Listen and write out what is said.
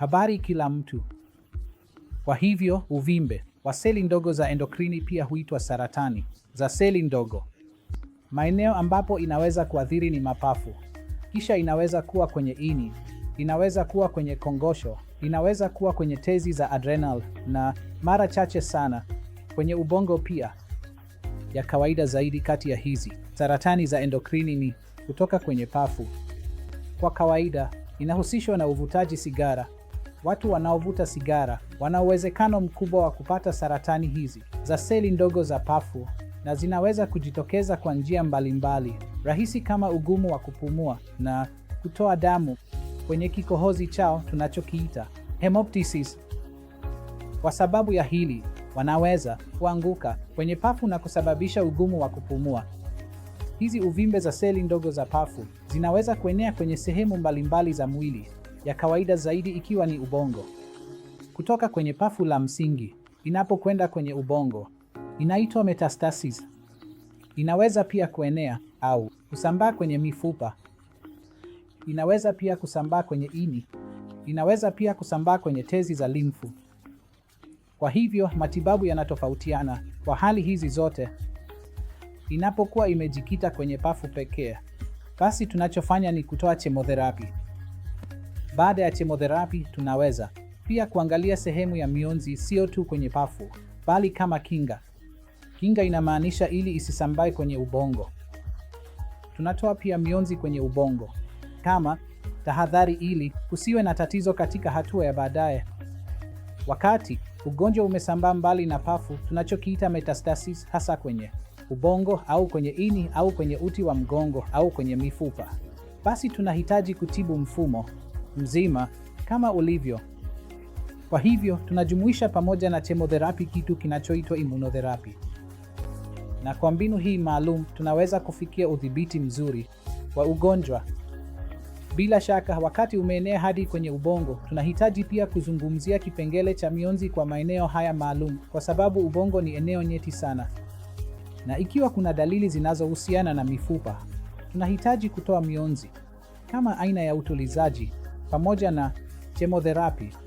Habari kila mtu. Kwa hivyo uvimbe wa seli ndogo za endokrini pia huitwa saratani za seli ndogo. Maeneo ambapo inaweza kuathiri ni mapafu, kisha inaweza kuwa kwenye ini, inaweza kuwa kwenye kongosho, inaweza kuwa kwenye tezi za adrenal na mara chache sana kwenye ubongo pia. Ya kawaida zaidi kati ya hizi saratani za endokrini ni kutoka kwenye pafu. Kwa kawaida inahusishwa na uvutaji sigara watu wanaovuta sigara wana uwezekano mkubwa wa kupata saratani hizi za seli ndogo za pafu na zinaweza kujitokeza kwa njia mbalimbali rahisi kama ugumu wa kupumua na kutoa damu kwenye kikohozi chao tunachokiita hemoptysis. Kwa sababu ya hili, wanaweza kuanguka kwenye pafu na kusababisha ugumu wa kupumua. Hizi uvimbe za seli ndogo za pafu zinaweza kuenea kwenye sehemu mbalimbali za mwili ya kawaida zaidi ikiwa ni ubongo. Kutoka kwenye pafu la msingi inapokwenda kwenye ubongo inaitwa metastasis. Inaweza pia kuenea au kusambaa kwenye mifupa. Inaweza pia kusambaa kwenye ini. Inaweza pia kusambaa kwenye tezi za limfu. Kwa hivyo matibabu yanatofautiana kwa hali hizi zote. Inapokuwa imejikita kwenye pafu pekee, basi tunachofanya ni kutoa chemotherapy. Baada ya chemotherapy, tunaweza pia kuangalia sehemu ya mionzi, sio tu kwenye pafu, bali kama kinga. Kinga inamaanisha ili isisambae kwenye ubongo. Tunatoa pia mionzi kwenye ubongo kama tahadhari, ili kusiwe na tatizo katika hatua ya baadaye. Wakati ugonjwa umesambaa mbali na pafu, tunachokiita metastasis, hasa kwenye ubongo au kwenye ini au kwenye uti wa mgongo au kwenye mifupa, basi tunahitaji kutibu mfumo mzima kama ulivyo. Kwa hivyo tunajumuisha pamoja na chemotherapy kitu kinachoitwa immunotherapy, na kwa mbinu hii maalum tunaweza kufikia udhibiti mzuri wa ugonjwa. Bila shaka, wakati umeenea hadi kwenye ubongo, tunahitaji pia kuzungumzia kipengele cha mionzi kwa maeneo haya maalum, kwa sababu ubongo ni eneo nyeti sana, na ikiwa kuna dalili zinazohusiana na mifupa, tunahitaji kutoa mionzi kama aina ya utulizaji pamoja na chemotherapy